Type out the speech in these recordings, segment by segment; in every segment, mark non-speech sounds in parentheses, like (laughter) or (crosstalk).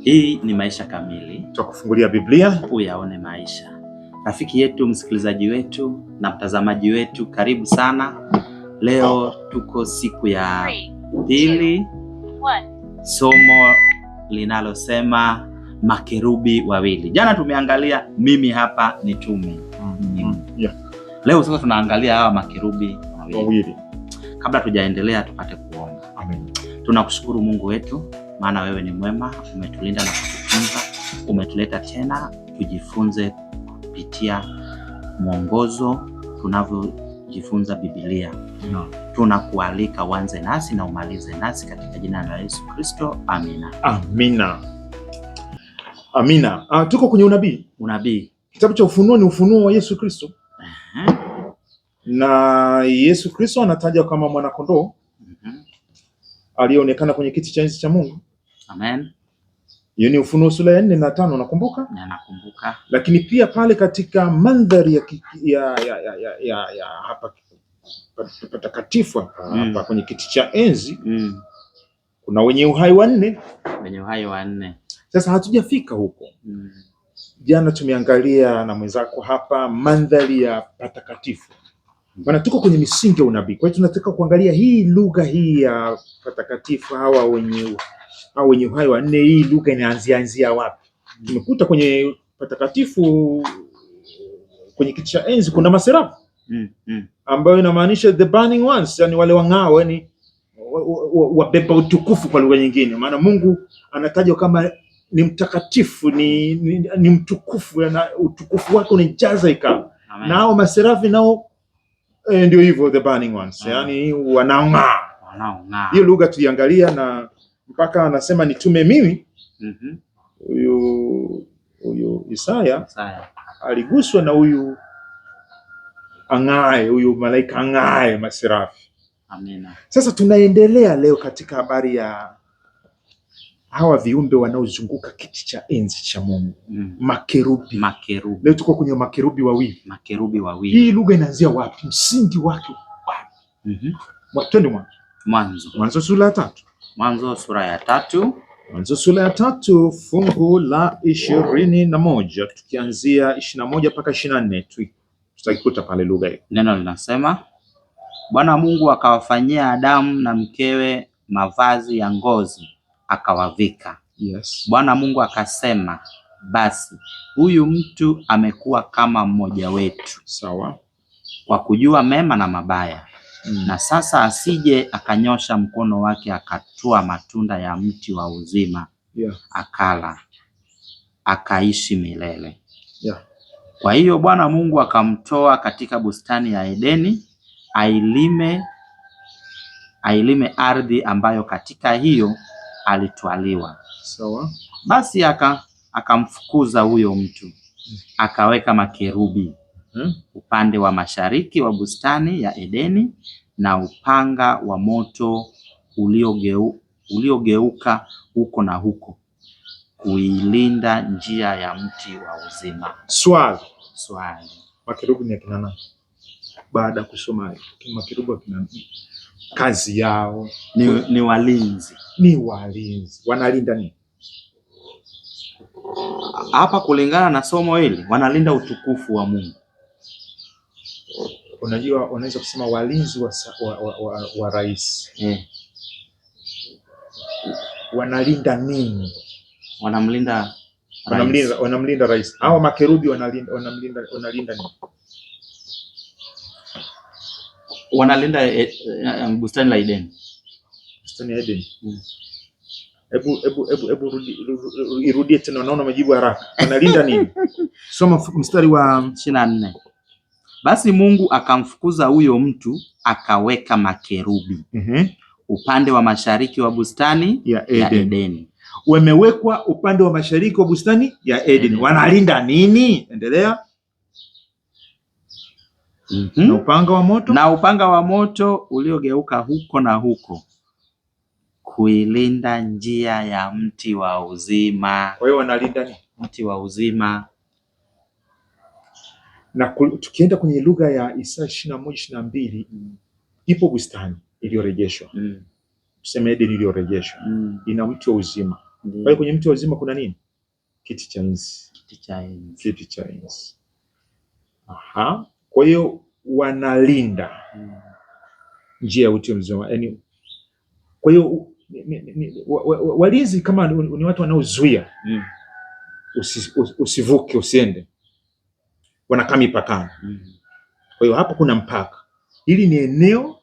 Hii ni Maisha Kamili, tutakufungulia Biblia uyaone maisha. Rafiki yetu, msikilizaji wetu na mtazamaji wetu, karibu sana. Leo tuko siku ya pili, somo linalosema makerubi wawili. Jana tumeangalia mimi hapa ni tumi. mm -hmm. yeah. Leo sasa tunaangalia hawa makerubi wawili. Kabla tujaendelea, tupate kuomba. Amen. Tunakushukuru Mungu wetu maana wewe ni mwema, umetulinda na kutufunza, umetuleta tena, tujifunze kupitia mwongozo tunavyojifunza Biblia no. Tunakualika uanze nasi na umalize nasi katika jina la Yesu Kristo, amina. Amina, amina. Ah, tuko kwenye unabii. Unabii, kitabu cha Ufunuo ni ufunuo wa Yesu Kristo na Yesu Kristo anatajwa kama mwanakondoo aliyeonekana kwenye kiti cha enzi cha Mungu. Amen. Hiyo ni Ufunuo sura ya nne na tano, nakumbuka nakumbuka. Lakini pia pale katika mandhari ya, ya, ya, ya, ya, ya hapa patakatifu hapa, mm. hapa kwenye kiti cha enzi mm. kuna wenye uhai wanne, wenye uhai wanne. Sasa hatujafika huko mm. Jana tumeangalia na mwenzako hapa mandhari ya patakatifu maana tuko kwenye misingi ya unabii. Kwa hiyo tunataka kuangalia hii lugha hii ya patakatifu hawa wenye hawa wenye uhai wa nne, hii lugha inaanzia anzia wapi? Tumekuta kwenye patakatifu kwenye kiti cha enzi kuna maserafu mm, mm. ambayo inamaanisha the burning ones, yani wale wang'ao, yani wabeba utukufu kwa lugha nyingine, maana Mungu anatajwa kama ni mtakatifu ni, ni, ni mtukufu na utukufu wake unajaza ikao, nao maserafi nao Eh, ndio hivyo the burning ones, ah. yani wanaong'aa, wanaong'aa. Hiyo lugha tuiangalia, na mpaka anasema nitume mimi mhm. huyu mm huyu Isaya, Isaya aliguswa na huyu ang'ae, huyu malaika ang'ae, masirafi. Amina. Sasa tunaendelea leo katika habari ya hawa viumbe wanaozunguka kiti cha enzi cha Mungu mm. Makerubi, makerubi. Leo tuko kwenye makerubi wawili, makerubi wawili. Hii lugha inaanzia wapi? Msingi wake wapi? mm -hmm. Twende mwanzo, mwanzo, mwanzo sura ya tatu, mwanzo sura ya tatu, mwanzo sura ya tatu fungu la ishirini na moja tukianzia ishirini na moja mpaka ishirini na nne tutakikuta pale lugha hiyo. Neno linasema Bwana Mungu akawafanyia Adamu na mkewe mavazi ya ngozi akawavika. Yes. Bwana Mungu akasema, basi huyu mtu amekuwa kama mmoja wetu. Sawa. Kwa kujua mema na mabaya. Mm. Na sasa asije akanyosha mkono wake akatua matunda ya mti wa uzima. Yeah. Akala akaishi milele. Yeah. Kwa hiyo Bwana Mungu akamtoa katika bustani ya Edeni ailime ailime ardhi ambayo katika hiyo alitwaliwa. Sawa. Basi aka akamfukuza huyo mtu, akaweka makerubi hmm, upande wa mashariki wa bustani ya Edeni na upanga wa moto uliogeu, uliogeuka huko na huko kuilinda njia ya mti wa uzima. Swali, swali, makerubi ni akina nani? Baada ya kusoma makerubi akina nani? kazi yao ni, ni walinzi, ni walinzi. Wanalinda nini hapa? Kulingana na somo hili, wanalinda utukufu wa Mungu. Unajua, unaweza kusema walinzi wa, wa, wa, wa, wa rais eh. Wanalinda nini? Wanamlinda, wanamlinda, wanamlinda rais. Hawa makerubi wanalinda, wanamlinda, wanalinda nini? wanalinda e, um, bustani la Eden. Bustani ya Eden. Hebu mm. hebu hebu hebu irudie tena, naona majibu haraka. Wanalinda nini? (laughs) Soma mstari wa 24. nne. Basi Mungu akamfukuza huyo mtu akaweka makerubi mm -hmm. upande wa mashariki wa bustani ya Eden. ya Eden. Wamewekwa upande wa mashariki wa bustani ya Eden. Eden. Wanalinda nini? Endelea mm -hmm. na upanga wa moto, na upanga wa moto uliogeuka huko na huko kuilinda njia ya mti wa uzima. Kwa hiyo wanalinda ni mti wa uzima, na tukienda kwenye lugha ya Isaya ishirini na moja ishirini na mbili mm. ipo bustani iliyorejeshwa mm. tuseme Edeni iliyorejeshwa mm. ina mti wa uzima mm. kwa hiyo kwenye mti wa uzima kuna nini? Kiti cha enzi. Kiti cha enzi. Kiti cha enzi. Aha. Kwa hiyo wanalinda mm. njia ya uti wa mzima yani. Kwa hiyo walinzi kama ni watu wanaozuia mm. usi, us, usivuke usiende, wanakaa mipakani mm. kwa hiyo hapo kuna mpaka, hili ni eneo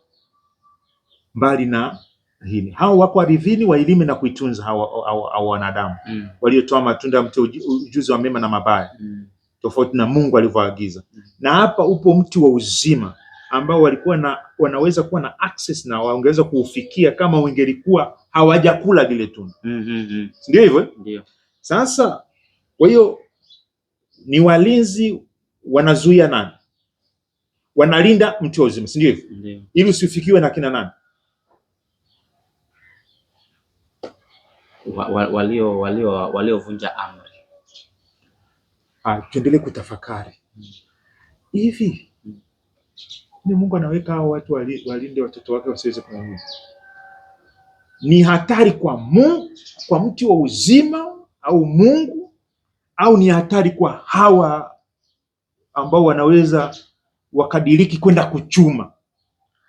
mbali na hili. Hao wako aridhini wailime na kuitunza, hao wanadamu mm. waliotoa matunda ya mti ujuzi wa mema na mabaya mm tofauti na Mungu alivyoagiza. Na hapa upo mti wa uzima ambao walikuwa na wanaweza kuwa na access na wangeweza kuufikia kama ungelikuwa hawajakula vile tunda. mm -hmm. Ndio hivyo eh? ndio. Sasa kwa hiyo ni walinzi wanazuia nani? Wanalinda mti wa uzima, si ndio hivyo? Ili usifikiwe na kina nani? Wa, wa, walio waliovunja amri Ah, tuendelee kutafakari hivi, ni Mungu anaweka hao watu walinde watoto wake wasiweze kuangamia? Ni hatari kwa Mungu, kwa mti wa uzima au Mungu, au ni hatari kwa hawa ambao wanaweza wakadiriki kwenda kuchuma?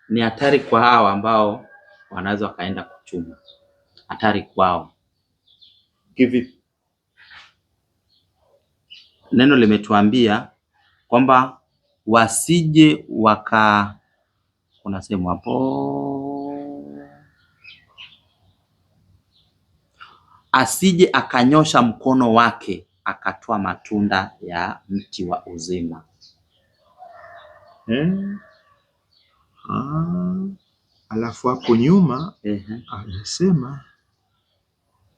Ni hatari kwa hawa ambao wanaweza wakaenda kuchuma, hatari kwao kivipi? neno limetuambia kwamba wasije waka, kuna sehemu hapo, asije akanyosha mkono wake akatoa matunda ya mti wa uzima hmm. Ah, alafu hapo nyuma anasema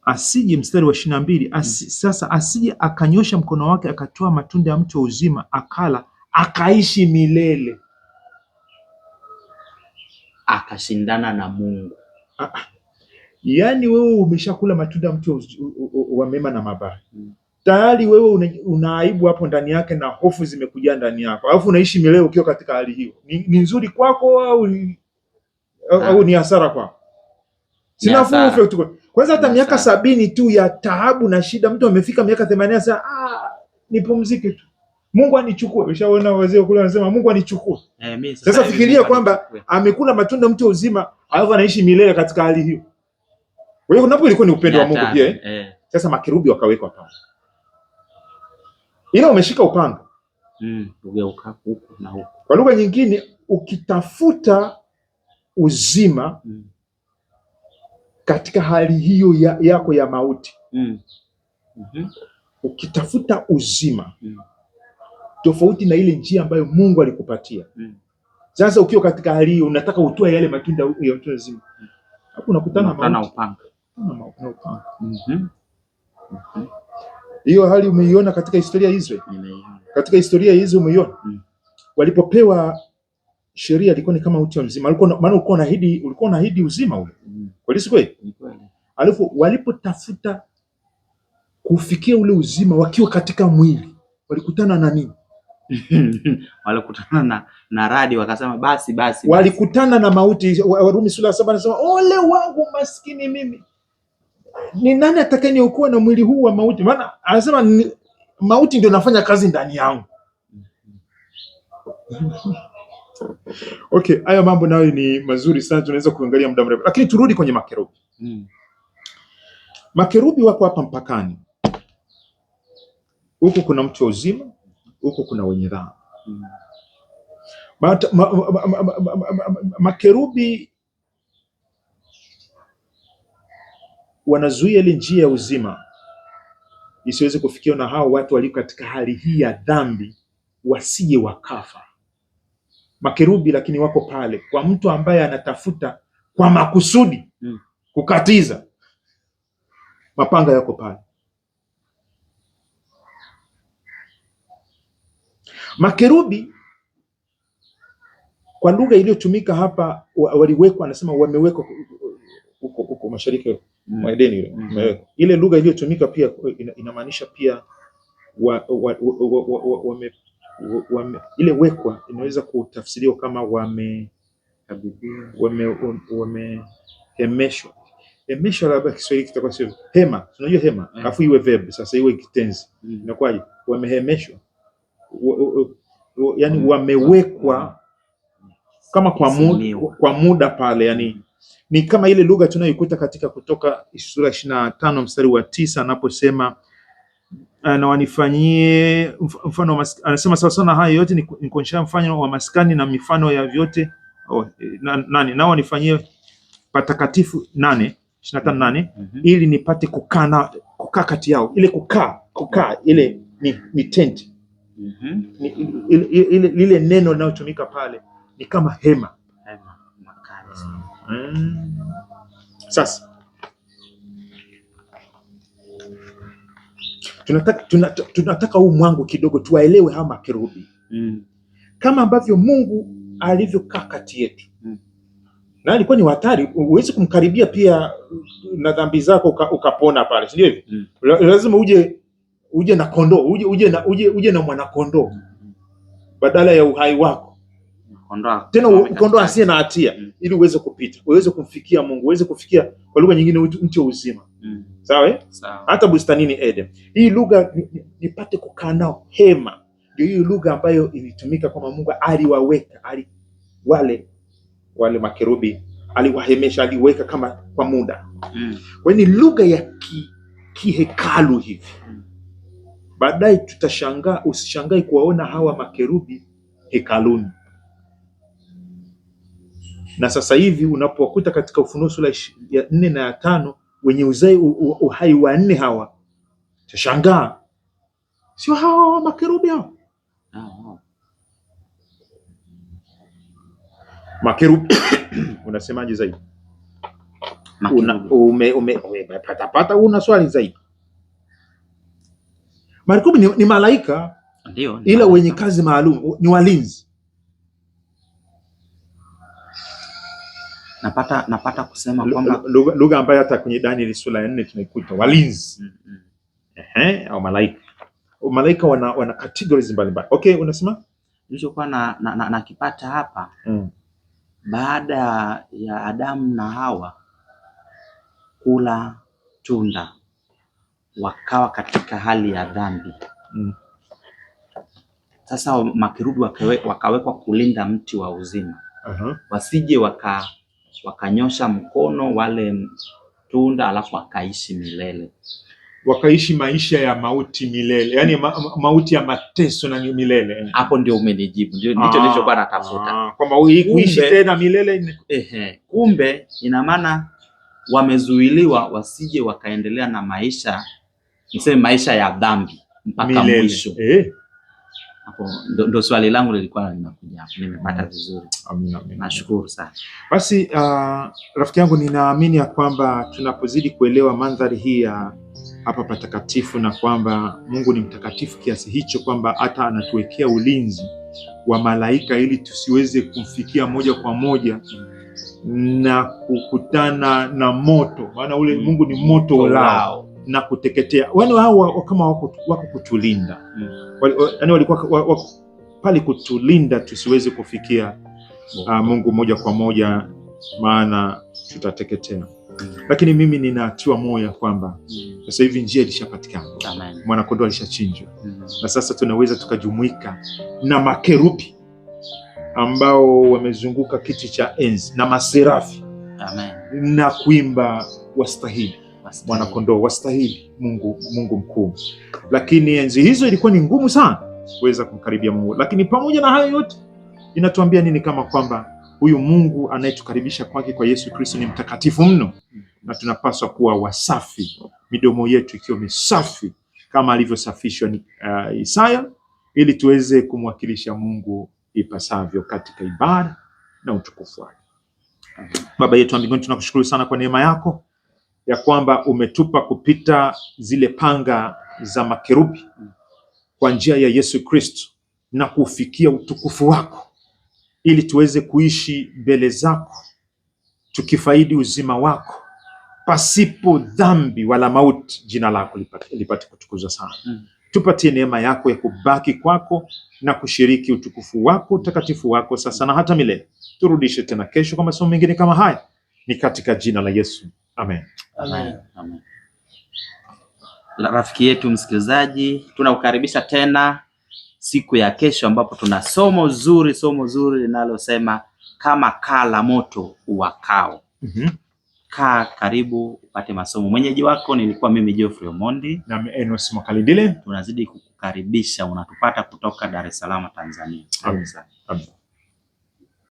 asije mstari wa ishirini na mbili asi, mm. sasa asije akanyosha mkono wake akatoa matunda ya mti wa uzima akala akaishi milele akashindana na Mungu. Ah, ah. yaani wewe umeshakula matunda ya mti wa mema na mabaya mm. Tayari wewe una aibu hapo ndani yake na hofu zimekujaa ndani yako, alafu unaishi milele ukiwa katika hali hiyo. Ni, ni nzuri kwako au, au ah. ni hasara kwako? si nafuu ufe. Kwanza hata miaka sabini tu ya taabu na shida, mtu amefika miaka themanini anasema ah, nipumzike tu, Mungu anichukue. Ushaona wazee kule wanasema Mungu anichukue. Eh, sasa fikiria kwamba amekula matunda mtu uzima, alafu anaishi milele katika hali hiyo. Kwa hiyo napo ilikuwa ni upendo wa Mungu pia eh? Eh. Sasa makerubi wakawekwa pale, ila umeshika upanga mm, ugeuka huku na huku. Kwa lugha nyingine ukitafuta uzima mm katika hali hiyo ya, yako ya mauti mm. mm -hmm. ukitafuta uzima mm. tofauti na ile njia ambayo Mungu alikupatia mm. sasa ukiwa katika hali hiyo unataka utoe yale matunda ya mtu mzima mm. hapo unakutana na upanga mm -hmm. hiyo hali umeiona katika historia ya Israeli katika historia hizo umeiona mm. walipopewa sheria ilikuwa ni kama uti wa mzima, maana ulikuwa unaahidi, ulikuwa unaahidi uzima ule Kweli si kweli? Alafu walipotafuta kufikia ule uzima wakiwa katika mwili walikutana na nini? (laughs) walikutana na, na radi wakasema basi, basi walikutana na mauti. Warumi sura ya saba anasema ole wangu maskini mimi, ni nani atakayeniokoa na mwili huu wa mauti? Maana anasema mauti ndio nafanya kazi ndani yangu (laughs) Okay, haya mambo nayo ni mazuri sana, tunaweza kuangalia muda mrefu, lakini turudi kwenye makerubi mm. Makerubi wako hapa mpakani, huku kuna mtu wa uzima, huku kuna wenye dhambi mm. ma, ma, ma, ma, ma, ma, ma, makerubi wanazuia ile njia ya uzima isiweze kufikiwa na hao watu walio katika hali hii ya dhambi, wasije wakafa makerubi lakini wako pale kwa mtu ambaye anatafuta kwa makusudi mm. kukatiza. Mapanga yako pale, makerubi kwa lugha iliyotumika hapa waliwekwa, anasema wamewekwa huko huko mashariki mwa mm. mm -hmm. ile lugha iliyotumika pia inamaanisha pia wa, wa, wa, wa, wa, wa, wa, wame, ile wekwa inaweza kutafsiriwa kama wamehemeshwa wame, wame labda Kiswahili kitakuwa sio hema. Unajua hema mm. alafu iwe verb sasa, iwe kitenzi mm. inakuwaje? Wamehemeshwa yani mm. wamewekwa kama kwa muda, kwa muda pale yani ni kama ile lugha tunayoikuta katika Kutoka sura ishirini na tano mstari wa tisa anaposema Eh, na wanifanyie mfano wa anasema sawa sana, haya yote ni kuonyesha mfano wa maskani na mifano ya vyote oh, eh, na, nane nao wanifanyie patakatifu nane ishirini na tano nane mm -hmm. ili nipate kukaa na kukaa kati yao, ile kukaa kukaa ile ni, ni tent mm -hmm. ni, ili, ili, ili neno linalotumika pale ni kama hema, hema. Mm. Sasa tunataka, tunataka huu mwangu kidogo tuwaelewe hawa makerubi mm. kama ambavyo Mungu alivyokaa kati yetu mm. na alikuwa ni hatari, huwezi kumkaribia pia na dhambi zako uka, ukapona pale, si ndio hivyo mm. lazima uje uje na kondoo uje, uje na, uje, uje na mwanakondoo mm. badala ya uhai wako kukondoa, tena ukondoa asiye na hatia mm. ili uweze kupita uweze kumfikia Mungu uweze kufikia kwa lugha nyingine mti wa uzima mm. sawa eh, hata bustanini Eden. Hii lugha nipate kukaa nao hema, ndio hii lugha ambayo ilitumika kwamba Mungu aliwaweka ali wale wale makerubi aliwahemesha, aliweka kama kwa muda mm. kwa hiyo ni lugha ya kihekalu ki hivi mm. Baadaye tutashangaa, usishangae kuwaona hawa makerubi hekaluni na sasa hivi unapowakuta katika Ufunuo sura ya nne na ya tano wenye uzai uhai wa nne hawa, tashangaa sio hawa wa makerubi hao. Makerubi (coughs) unasemaje zaidi? pata, una swali zaidi? Makerubi ni, ni malaika ndio, ila wenye kazi maalum, ni walinzi napata napata kusema kwamba lugha ambayo hata kwenye Danieli sura ya nne tunaikuta walinzi mm -hmm. ehe, au malaika malaika wana, wana categories mbalimbali. Okay, unasema nilichokuwa na, na, na, nakipata hapa mm. baada ya Adamu na Hawa kula tunda wakawa katika hali ya dhambi mm. Sasa makerubi wakawe, wakawekwa kulinda mti wa uzima uh -huh. wasije waka wakanyosha mkono wale tunda, alafu wakaishi milele, wakaishi maisha ya mauti milele, yani ma mauti ya mateso na milele. Hapo ndio umenijibu, ndio ndicho ah, nilichokuwa natafuta, ah, kwamba kuishi tena milele. Ehe, kumbe ina maana wamezuiliwa wasije wakaendelea na maisha niseme maisha ya dhambi mpaka mwisho eh. Hapo ndo swali langu lilikuwa linakuja hapo, nimepata vizuri. Amina, amina. Nashukuru sana. Basi uh, rafiki yangu, ninaamini ya kwamba tunapozidi kuelewa mandhari hii ya hapa patakatifu na kwamba Mungu ni mtakatifu kiasi hicho kwamba hata anatuwekea ulinzi wa malaika ili tusiweze kumfikia moja kwa moja na kukutana na moto, maana ule mm. Mungu ni moto ulao na kuteketea. Wale hao kama wako, wako kutulinda yaani hmm. walikuwa wako pale kutulinda tusiweze kufikia uh, Mungu moja kwa moja, maana tutateketea. Lakini mimi ninatiwa moyo kwamba sasa hivi njia ilishapatikana, mwanakondoo alishachinjwa hmm. na sasa tunaweza tukajumuika na makerubi ambao wamezunguka kiti cha enzi na maserafi Amen. na kuimba wastahili mwanakondoo wastahili Mungu, Mungu mkuu. Lakini enzi hizo ilikuwa ni ngumu sana kuweza kumkaribia Mungu, lakini pamoja na hayo yote inatuambia nini? Kama kwamba huyu Mungu anayetukaribisha kwake kwa Yesu Kristo ni mtakatifu mno, na tunapaswa kuwa wasafi, midomo yetu ikiwa misafi kama alivyosafishwa ni uh, Isaya, ili tuweze kumwakilisha Mungu ipasavyo katika ibada na utukufu wake. Baba yetu wa mbinguni, tunakushukuru sana kwa neema yako ya kwamba umetupa kupita zile panga za makerubi kwa njia ya Yesu Kristo na kufikia utukufu wako, ili tuweze kuishi mbele zako tukifaidi uzima wako pasipo dhambi wala mauti. Jina lako lipate, lipate kutukuzwa sana mm. Tupatie neema yako ya kubaki kwako na kushiriki utukufu wako utakatifu wako sasa na hata milele. Turudishe tena kesho kwa masomo mengine kama haya, ni katika jina la Yesu, amen. Amen. Amen. Rafiki yetu msikilizaji, tunakukaribisha tena siku ya kesho, ambapo tuna somo zuri, somo zuri linalosema kama kaa la moto uwakao. mm -hmm. Kaa karibu upate masomo. Mwenyeji wako nilikuwa mimi Geoffrey Omondi na Enos Makalindile. Tunazidi kukukaribisha, unatupata kutoka Dar es Salaam, Tanzania. Amen. Amen.